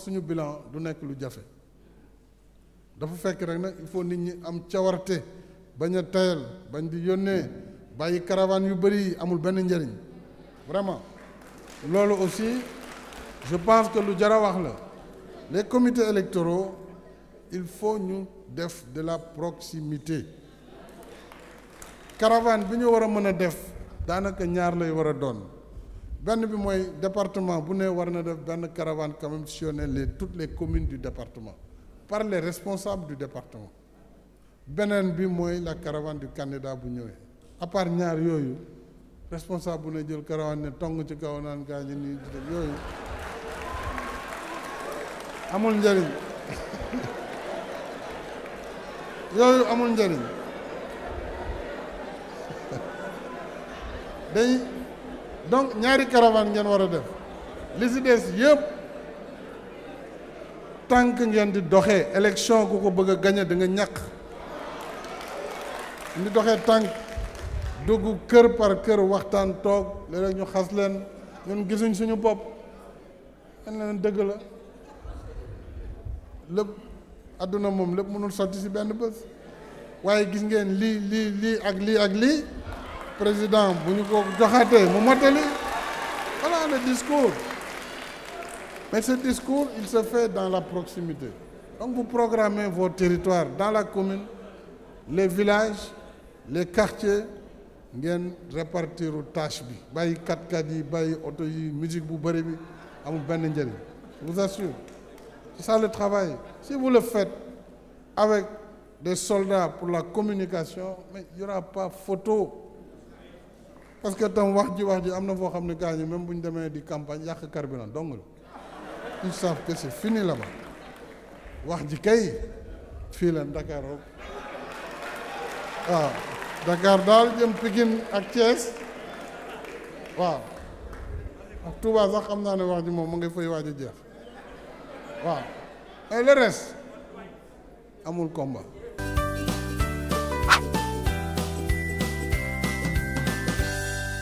suñu bilan du nekk lu jafe dafa fekk rek na il faut nit ñi am cawarte bañ a tayal bañ di yónnee bàyyi caravane yu bëri amul benn njëriñ vraiment loolu aussi je pense que lu jara wax la les comités électoraux il faut ñu def de la proximité caravane bi ñu war a mën a def daanaka ñaar lay war a doon benn bi mooy département bu ne war na def benn caravane quand même sillonner les toutes les communes du département par les responsables du département beneen bi mooy la caravane du candidat bu ñëwee à ñaar yooyu responsable bu ne jël caravane ne tong ci kaw naan gaa ñi nii yooyu amul njariñ yooyu amul njariñ dañ donc ñaari caravane ngeen war a def li si des yëpp tànk ngeen di doxee élection ku ko bëgg a gañe da nga ñàkk di doxee tànk dugg kër par kër waxtaan toog léeg-léeg ñu xas leen ñun gisuñ suñu bopp an leen dëgg la lépp àdduna moom lépp mënul sotti si benn bés waaye gis ngeen lii lii lii ak lii ak lii président bu ñu ko joxatee mu motali voilà le discours mais ce discours il se fait dans la proximité donc vous programmez vos territoires dans la commune les villages les quartiers ngeen répartir tache bi bàyyi kat-kat yi bàyyi yi musique bu bëri bi amul benn njëriñ je vous assure c'est ça le travail si vous le faites avec des soldats pour la communication mais il n'y aura pas photo parce que tam wax ji wax ji am na foo xam ne gars ñi même bu ñu demee di campagne yàq carburant dong la ils savent que fini là-bas wax ji kay fii leen dakaroo waaw Dakar daal jëm Pikine ak Thiès waaw ak sax xam naa ne wax ji moom mu ngi fay waaj a jeex waaw et le amul komba